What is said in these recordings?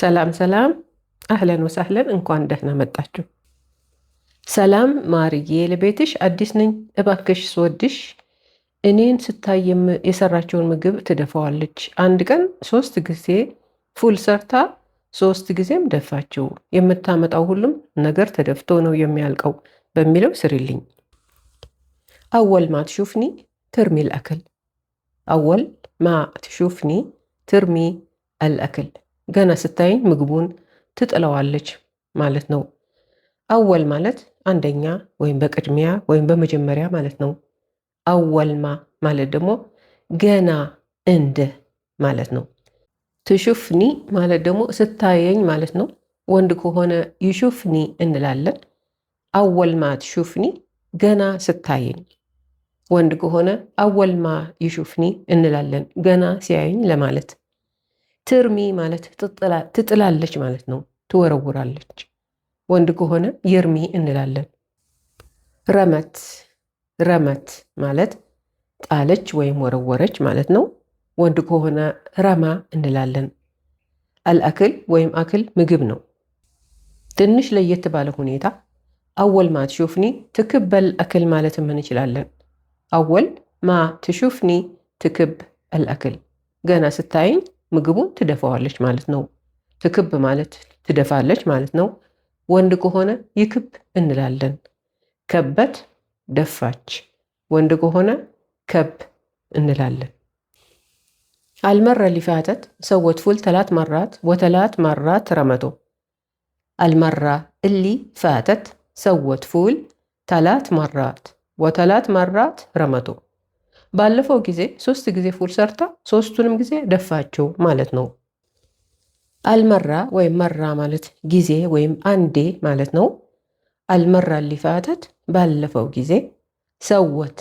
ሰላም ሰላም፣ አህለን ወሳህለን፣ እንኳን ደህና መጣችሁ። ሰላም ማርዬ፣ ለቤትሽ አዲስ ነኝ። እባክሽ ስወድሽ። እኔን ስታይ የሰራቸውን ምግብ ትደፋዋለች። አንድ ቀን ሶስት ጊዜ ፉል ሰርታ ሶስት ጊዜም ደፋችው። የምታመጣው ሁሉም ነገር ተደፍቶ ነው የሚያልቀው በሚለው ስሪልኝ። አወል ማ ትሹፍኒ ትርሚ አልአክል። አወል ማ ትሹፍኒ ትርሚ ልአክል አወል ማ ትሹፍኒ ትርሚ አልአክል ገና ስታየኝ ምግቡን ትጥለዋለች ማለት ነው። አወል ማለት አንደኛ ወይም በቅድሚያ ወይም በመጀመሪያ ማለት ነው። አወልማ ማለት ደግሞ ገና እንደ ማለት ነው። ትሹፍኒ ማለት ደግሞ ስታየኝ ማለት ነው። ወንድ ከሆነ ይሹፍኒ እንላለን። አወልማ ትሹፍኒ ገና ስታየኝ። ወንድ ከሆነ አወልማ ይሹፍኒ እንላለን፣ ገና ሲያየኝ ለማለት ትርሚ ማለት ትጥላለች ማለት ነው፣ ትወረውራለች። ወንድ ከሆነ ይርሚ እንላለን። ረመት ረመት ማለት ጣለች ወይም ወረወረች ማለት ነው። ወንድ ከሆነ ረማ እንላለን። አልአክል ወይም አክል ምግብ ነው። ትንሽ ለየት ባለ ሁኔታ አወል ማ ትሹፍኒ ትክበል አክል ማለትም እንችላለን። አወል ማ ትሹፍኒ ትክብ አልአክል ገና ስታይኝ ምግቡን ትደፋዋለች ማለት ነው። ትክብ ማለት ትደፋለች ማለት ነው። ወንድ ከሆነ ይክብ እንላለን። ከበት ደፋች፣ ወንድ ከሆነ ከብ እንላለን። አልመረ ሊፋተት ሰወት ፉል ተላት መራት ወተላት መራት ረመቶ አልመራ እሊ ፋተት ሰወት ፉል ተላት መራት ወተላት መራት ረመቶ ባለፈው ጊዜ ሶስት ጊዜ ፉል ሰርታ ሶስቱንም ጊዜ ደፋቸው ማለት ነው። አልመራ ወይም መራ ማለት ጊዜ ወይም አንዴ ማለት ነው። አልመራ ሊፋተት ባለፈው ጊዜ፣ ሰወት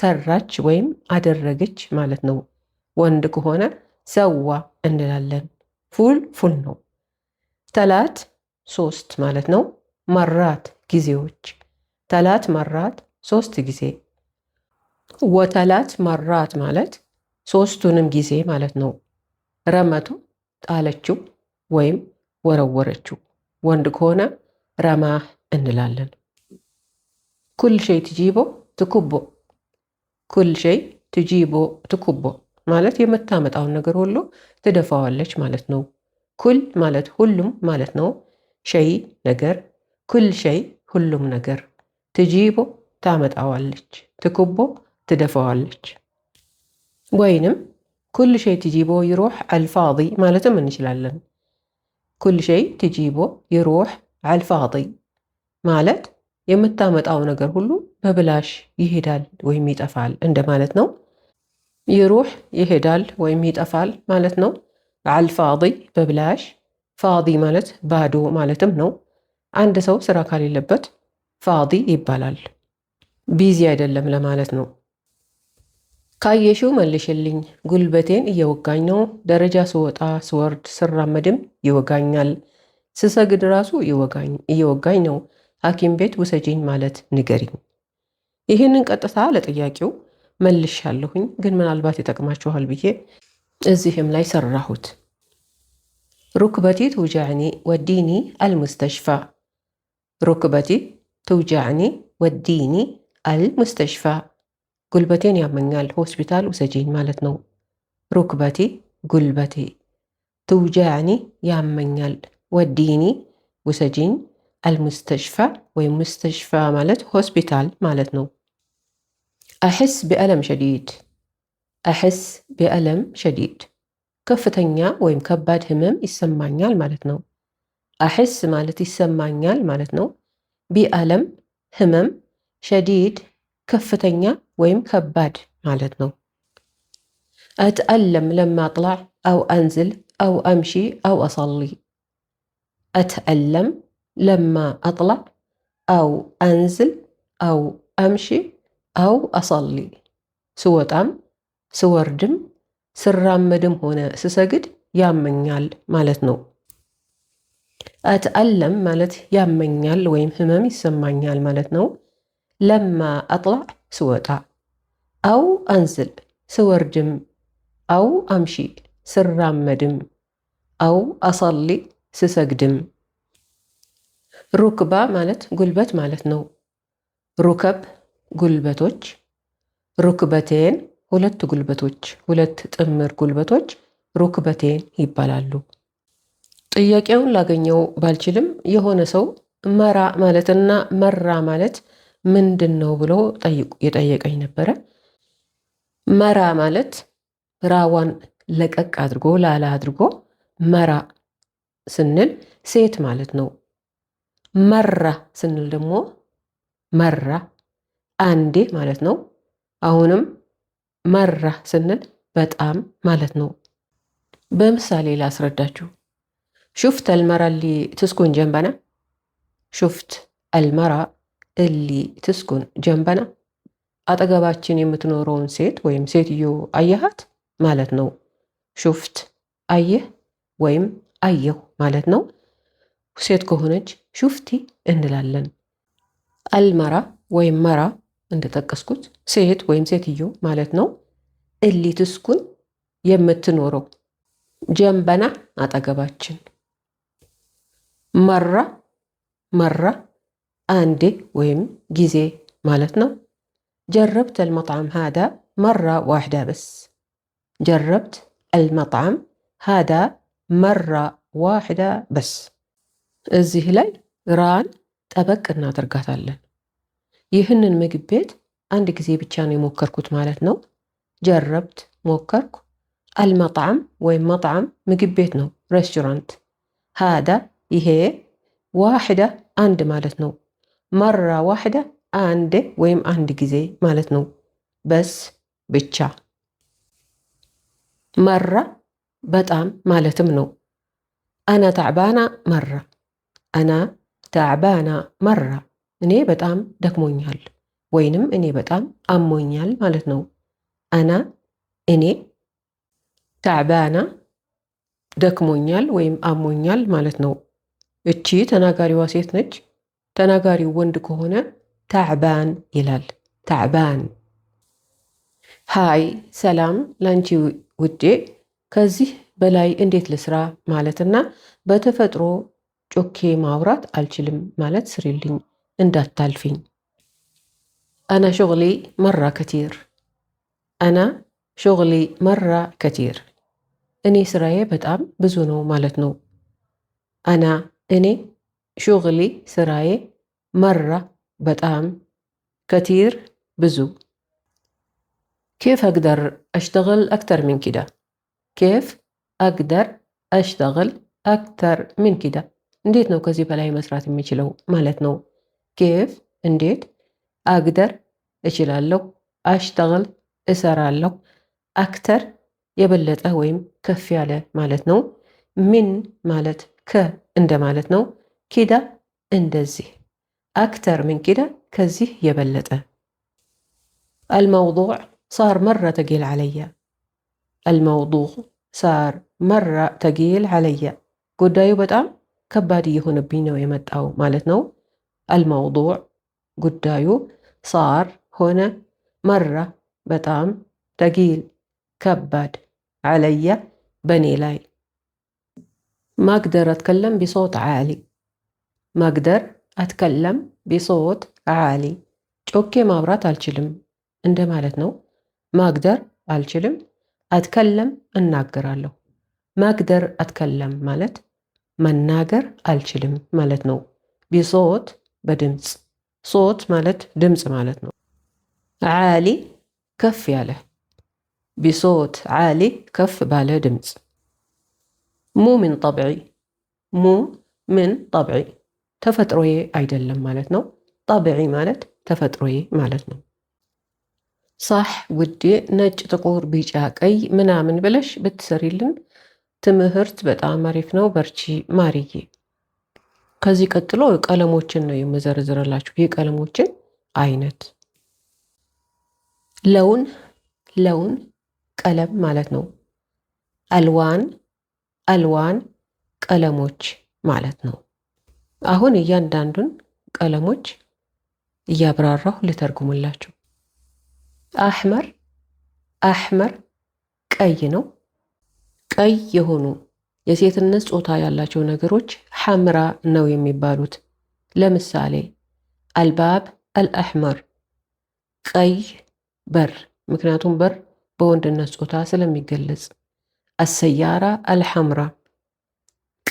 ሰራች ወይም አደረገች ማለት ነው። ወንድ ከሆነ ሰዋ እንላለን። ፉል ፉል ነው። ተላት ሶስት ማለት ነው። መራት ጊዜዎች ተላት መራት ሶስት ጊዜ ወተላት መራት ማለት ሶስቱንም ጊዜ ማለት ነው። ረመቱ ጣለችው ወይም ወረወረችው። ወንድ ከሆነ ረማህ እንላለን። ኩል ሸይ ትጂቦ ትኩቦ፣ ኩል ሸይ ትጂቦ ትኩቦ ማለት የምታመጣውን ነገር ሁሉ ትደፋዋለች ማለት ነው። ኩል ማለት ሁሉም ማለት ነው። ሸይ ነገር፣ ኩል ሸይ ሁሉም ነገር፣ ትጂቦ ታመጣዋለች፣ ትኩቦ ትደፋዋለች። ወይንም ኩል ሸይ ትጂቦ ይሩሕ አልፋዲ ማለትም እንችላለን። ኩል ሸይ ትጂቦ ይሩሕ አልፋዲ ማለት የምታመጣው ነገር ሁሉ በብላሽ ይሄዳል ወይም ይጠፋል እንደማለት ነው። ይሩሕ ይሄዳል ወይም ይጠፋል ማለት ነው። አልፋዲ በብላሽ ፋዲ ማለት ባዶ ማለትም ነው። አንድ ሰው ስራ ከሌለበት ፋዲ ይባላል። ቢዚ አይደለም ለማለት ነው። ካየሽው መልሽልኝ። ጉልበቴን እየወጋኝ ነው። ደረጃ ስወጣ ስወርድ፣ ስራመድም ይወጋኛል። ስሰግድ ራሱ እየወጋኝ ነው። ሐኪም ቤት ውሰጂኝ ማለት ንገሪኝ። ይህንን ቀጥታ ለጥያቄው መልሻለሁኝ፣ ግን ምናልባት ይጠቅማችኋል ብዬ እዚህም ላይ ሰራሁት። ሩክበቲ ትውጃዕኒ ወዲኒ አልሙስተሽፋ። ሩክበቲ ትውጃዕኒ ወዲኒ አልሙስተሽፋ ጉልበቴን ያመኛል ሆስፒታል ውሰጂኝ ማለት ነው። ሩክበቴ ጉልበቴ፣ ትውጃዕኒ ያመኛል፣ ወዲኒ ውሰጂኝ፣ አልሙስተሽፋ ወይም ሙስተሽፋ ማለት ሆስፒታል ማለት ነው። አሕስ ቢአለም ሸዲድ፣ አሕስ ቢአለም ሸዲድ፣ ከፍተኛ ወይም ከባድ ህመም ይሰማኛል ማለት ነው። አሕስ ማለት ይሰማኛል ማለት ነው። ቢአለም ህመም፣ ሸዲድ ከፍተኛ ወይም ከባድ ማለት ነው። አትአለም ለማ አው አንዝል አው አምሺ አው አሳሊ። አትአለም ለማ አጥላዕ አው አንዝል አው አምሺ አው አሳሊ። ስወጣም ስወርድም ስራመድም ሆነ ስሰግድ ያመኛል ማለት ነው። አትአለም ማለት ያመኛል ወይም ህመም ይሰማኛል ማለት ነው። ለማ አጥላዕ ስወጣ፣ አው አንዝል ስወርድም፣ አው አምሺ ስራመድም፣ አው አሳሊ ስሰግድም። ሩክባ ማለት ጉልበት ማለት ነው። ሩከብ ጉልበቶች፣ ሩክበቴን ሁለት ጉልበቶች፣ ሁለት ጥምር ጉልበቶች ሩክበቴን ይባላሉ። ጥያቄውን ላገኘው ባልችልም የሆነ ሰው መራ ማለትና መራ ማለት ምንድን ነው ብሎ የጠየቀኝ ነበረ። መራ ማለት ራዋን ለቀቅ አድርጎ ላላ አድርጎ መራ ስንል ሴት ማለት ነው። መራ ስንል ደግሞ መራ አንዴ ማለት ነው። አሁንም መራ ስንል በጣም ማለት ነው። በምሳሌ ላስረዳችሁ። ሹፍት አልመራ ሊ ትስኩን ጀንበና ሹፍት አልመራ እሊ ትስኩን ጀንበና አጠገባችን የምትኖረውን ሴት ወይም ሴትዮ አየሃት ማለት ነው። ሹፍት አየህ ወይም አየሁ ማለት ነው። ሴት ከሆነች ሹፍቲ እንላለን። አልመራ ወይም መራ እንደጠቀስኩት ሴት ወይም ሴትዮ ማለት ነው። እሊ ትስኩን የምትኖረው ጀንበና አጠገባችን መራ መራ አንዴ ወይም ጊዜ ማለት ነው። ጀረብት አልመጣም ሃዳ መራ ዋሕዳ በስ። ጀረብት አልመጣም ሃዳ መራ ዋሕዳ በስ። እዚህ ላይ ራን ጠበቅ እናደርጋታለን። ይህንን ምግብ ቤት አንድ ጊዜ ብቻ ነው የሞከርኩት ማለት ነው። ጀረብት ሞከርኩ። አልመጣም ወይም መጣም ምግብ ቤት ነው ሬስቶራንት። ሃዳ ይሄ ዋሕዳ አንድ ማለት ነው መራ ዋሕደ አንድ ወይም አንድ ጊዜ ማለት ነው። በስ ብቻ። መራ በጣም ማለትም ነው። አና ተዕባና መራ፣ አና ተዕባና መራ፣ እኔ በጣም ደክሞኛል ወይንም እኔ በጣም አሞኛል ማለት ነው። አና እኔ፣ ተዕባና ደክሞኛል ወይም አሞኛል ማለት ነው። እቺ ተናጋሪዋ ሴት ነች። ተናጋሪው ወንድ ከሆነ ታዕባን ይላል። ታዕባን። ሃይ ሰላም ላንቺ ውዴ፣ ከዚህ በላይ እንዴት ልስራ ማለትና በተፈጥሮ ጮኬ ማውራት አልችልም ማለት ስሪልኝ እንዳታልፊኝ። አና ሾቅሊ መራ ከቲር፣ አና ሾቅሊ መራ ከቲር፣ እኔ ስራዬ በጣም ብዙ ነው ማለት ነው። አና እኔ ሹغሊ ስራዬ መራ በጣም ከቲር ብዙ ኬፍ አግደር أشتغل አክተር من كده؟ كيف أقدر أشتغل أكتر من كده؟ እንዴት ነው ከዚህ በላይ መስራት የሚችለው ማለት ነው። ኬፍ እንዴት፣ አግደር እችላለሁ፣ አሽተግል እሰራለሁ፣ አክተር የበለጠ ወይም ከፍ ያለ ማለት ነው። ሚን ማለት ከ እንደ ማለት ነው። كده اندزي أكتر من كده كزي يبلته الموضوع صار مرة تقيل عليا الموضوع صار مرة تقيل علي ጉዳዩ በጣም أيوة كبادي يهون بينو የመጣው ማለት ነው الموضوع ጉዳዩ أيوة صار هنا مرة بطام تقيل كباد علي بني لاي ما أقدر أتكلم بصوت عالي መግደር አትከለም ቢሶት አዓሊ ጮኬ ማውራት አልችልም እንደማለት ነው። መግደር አልችልም፣ አትከለም እናገራለሁ። መግደር አትከለም ማለት መናገር አልችልም ማለት ነው። ቢሶወት በድምፅ ሶወት ማለት ድምፅ ማለት ነው። ዓሊ ከፍ ያለ ቢሶት ዓሊ ከፍ ባለ ድምፅ። ሙ ምን ጠብዒ ሙ ምን ጠብዒ ተፈጥሮዬ አይደለም ማለት ነው። ጣብዒ ማለት ተፈጥሮዬ ማለት ነው። ሳሕ ውዴ፣ ነጭ፣ ጥቁር፣ ቢጫ፣ ቀይ ምናምን ብለሽ ብትሰሪልን ትምህርት በጣም አሪፍ ነው። በርቺ ማርዬ። ከዚህ ቀጥሎ ቀለሞችን ነው የምዘረዝረላችሁ። የቀለሞችን አይነት ለውን ለውን ቀለም ማለት ነው። አልዋን አልዋን ቀለሞች ማለት ነው። አሁን እያንዳንዱን ቀለሞች እያብራራሁ ልተርጉሙላችሁ። አሕመር አሕመር ቀይ ነው። ቀይ የሆኑ የሴትነት ጾታ ያላቸው ነገሮች ሐምራ ነው የሚባሉት። ለምሳሌ አልባብ አልአሕመር ቀይ በር፣ ምክንያቱም በር በወንድነት ጾታ ስለሚገለጽ። አሰያራ አልሐምራ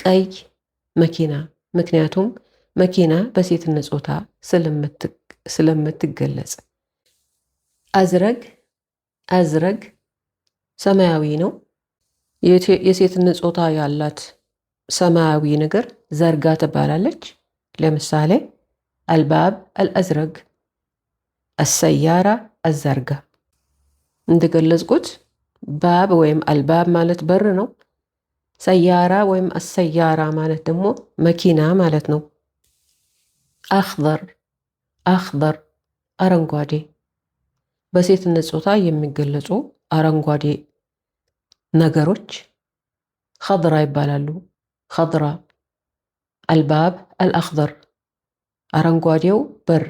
ቀይ መኪና ምክንያቱም መኪና በሴትነት ጾታ ስለምትገለጽ። አዝረግ አዝረግ ሰማያዊ ነው። የሴትነት ጾታ ያላት ሰማያዊ ነገር ዘርጋ ትባላለች። ለምሳሌ አልባብ አልአዝረግ፣ አሰያራ አዘርጋ። እንደገለጽኩት ባብ ወይም አልባብ ማለት በር ነው። ሰያራ ወይም አሰያራ ማለት ደግሞ መኪና ማለት ነው። አኽበር አኽበር አረንጓዴ በሴትነት ጾታ የሚገለጹ አረንጓዴ ነገሮች ኸድራ ይባላሉ። ኸድራ አልባብ አልአኽضር አረንጓዴው በር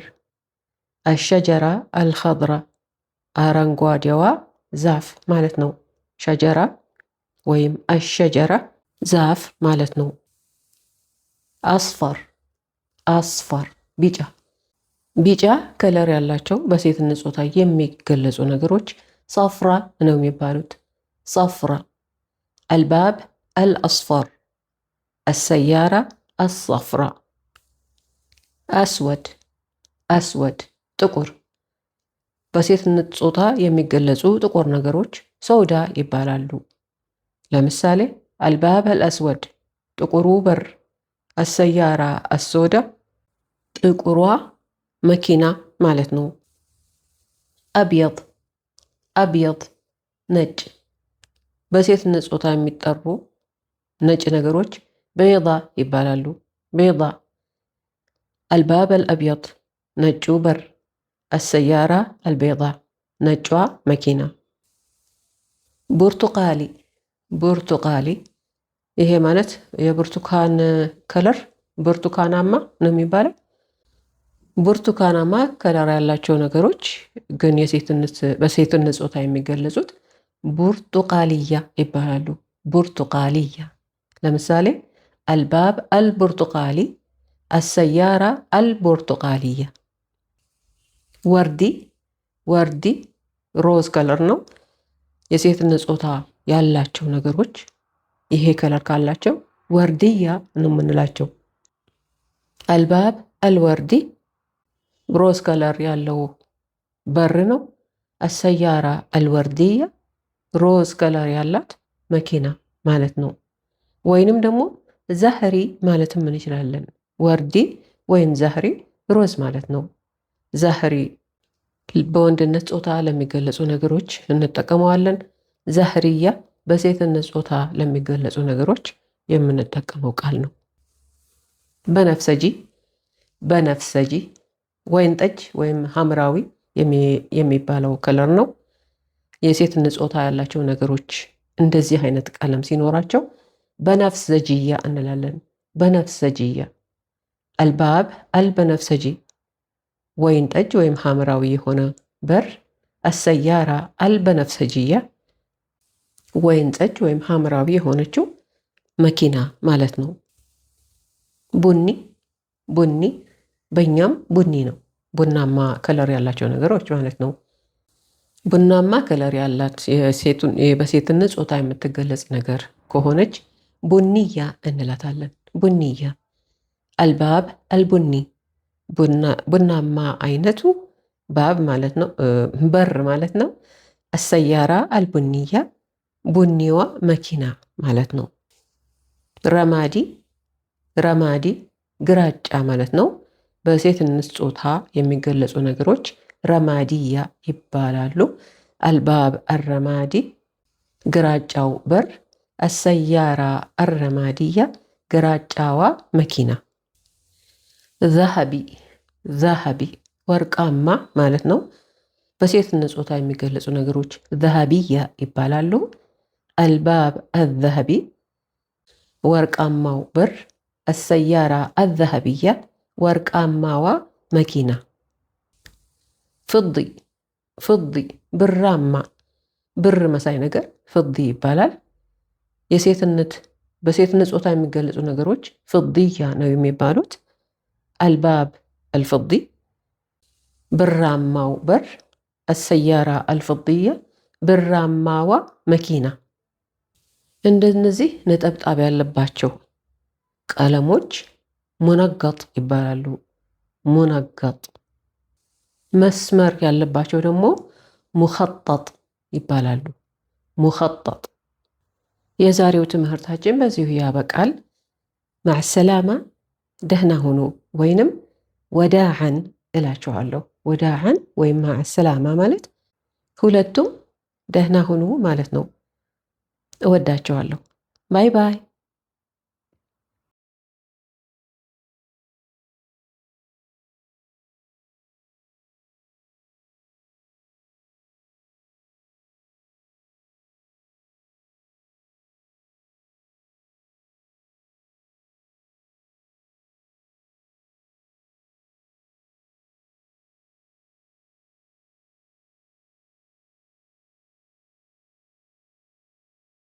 አሸጀራ አልኸضራ አረንጓዴዋ ዛፍ ማለት ነው ሸጀራ ወይም አሸጀራ ዛፍ ማለት ነው። አስፋር አስፋር ቢጫ ቢጫ ከለር ያላቸው በሴትነት ጾታ የሚገለጹ ነገሮች ሳፍራ ነው የሚባሉት። ሳፍራ አልባብ አልአስፋር አሰያራ አሳፍራ አስወድ አስወድ ጥቁር በሴትነት ጾታ የሚገለጹ ጥቁር ነገሮች ሰውዳ ይባላሉ። ለምሳሌ አልባብ አልአስወድ ጥቁሩ በር፣ አሰያራ አሶዳ ጥቁሯ መኪና ማለት ነው። አብየጥ አብየጥ ነጭ። በሴትነት ጾታ የሚጠሩ ነጭ ነገሮች በይዳ ይባላሉ። በይዳ አልባብ አልአብየጥ ነጩ በር፣ አሰያራ አልቤዳ ነጯ መኪና። ቡርቱቃሊ ብርቱቃሊ። ይሄ ማለት የብርቱካን ከለር ብርቱካናማ ነው የሚባለው። ብርቱካናማ ከለር ያላቸው ነገሮች ግን በሴትነት ጾታ የሚገለጹት ቡርቱቃልያ ይባላሉ። ቡርቱቃልያ ለምሳሌ አልባብ አልቡርቱቃሊ፣ አሰያራ አልቡርቱቃልያ። ወርዲ ወርዲ ሮዝ ከለር ነው የሴትነት ጾታ ያላቸው ነገሮች ይሄ ከለር ካላቸው ወርድያ ነው የምንላቸው። አልባብ አልወርዲ ሮዝ ከለር ያለው በር ነው። አሰያራ አልወርዲያ ሮዝ ከለር ያላት መኪና ማለት ነው። ወይንም ደግሞ ዛህሪ ማለትም እንችላለን። ወርዲ ወይም ዛህሪ ሮዝ ማለት ነው። ዛህሪ በወንድነት ጾታ ለሚገለጹ ነገሮች እንጠቀመዋለን። ዘህርያ በሴትነት ጾታ ለሚገለጹ ነገሮች የምንጠቀመው ቃል ነው። በነፍሰጂ በነፍሰጂ ወይን ጠጅ ወይም ሐምራዊ የሚባለው ከለር ነው። የሴትነት ጾታ ያላቸው ነገሮች እንደዚህ አይነት ቀለም ሲኖራቸው ዘጂያ እንላለን። ዘጂያ አልባብ አልበነፍሰጂ ወይን ጠጅ ወይም ሐምራዊ የሆነ በር፣ አሰያራ አልበነፍሰጂያ ወይን ጠጅ ወይም ሐምራዊ የሆነችው መኪና ማለት ነው። ቡኒ ቡኒ በእኛም ቡኒ ነው። ቡናማ ከለር ያላቸው ነገሮች ማለት ነው። ቡናማ ከለር ያላት በሴትነት ጾታ የምትገለጽ ነገር ከሆነች ቡኒያ እንላታለን። ቡኒያ አልባብ አልቡኒ ቡናማ አይነቱ ባብ ማለት ነው፣ በር ማለት ነው። አሰያራ አልቡኒያ ቡኒዋ መኪና ማለት ነው። ረማዲ ረማዲ ግራጫ ማለት ነው። በሴትነት ጾታ የሚገለጹ ነገሮች ረማዲያ ይባላሉ። አልባብ አረማዲ ግራጫው በር፣ አሰያራ አረማዲያ ግራጫዋ መኪና። ዛሃቢ ዛሃቢ ወርቃማ ማለት ነው። በሴትነት ጾታ የሚገለጹ ነገሮች ዛሃቢያ ይባላሉ። አልባብ አዘሀቢ ወርቃማው በር፣ አሰያራ አዘሀቢያ ወርቃማዋ መኪና፣ ፍዲ ፍዲ ብራማ ብር መሳይ ነገር ፍዲ ይባላል። የሴትነት በሴትነት ጾታ የሚገለጹ ነገሮች ፍድያ ነው የሚባሉት። አልባብ አልፍዲ ብራማው በር፣ አሰያራ አልፍድያ ብራማዋ መኪና እንደነዚህ ነጠብጣብ ያለባቸው ቀለሞች ሙነጋጥ ይባላሉ። ሙነጋጥ መስመር ያለባቸው ደግሞ ሙኸጣጥ ይባላሉ። ሙኸጣጥ የዛሬው ትምህርታችን በዚሁ ያበቃል። ማዕሰላማ ደህና ሁኑ ወይንም ወዳዓን እላችኋለሁ። ወዳዓን ወይም ማዕሰላማ ማለት ሁለቱም ደህና ሁኑ ማለት ነው። እወዳቸዋለሁ። ባይ ባይ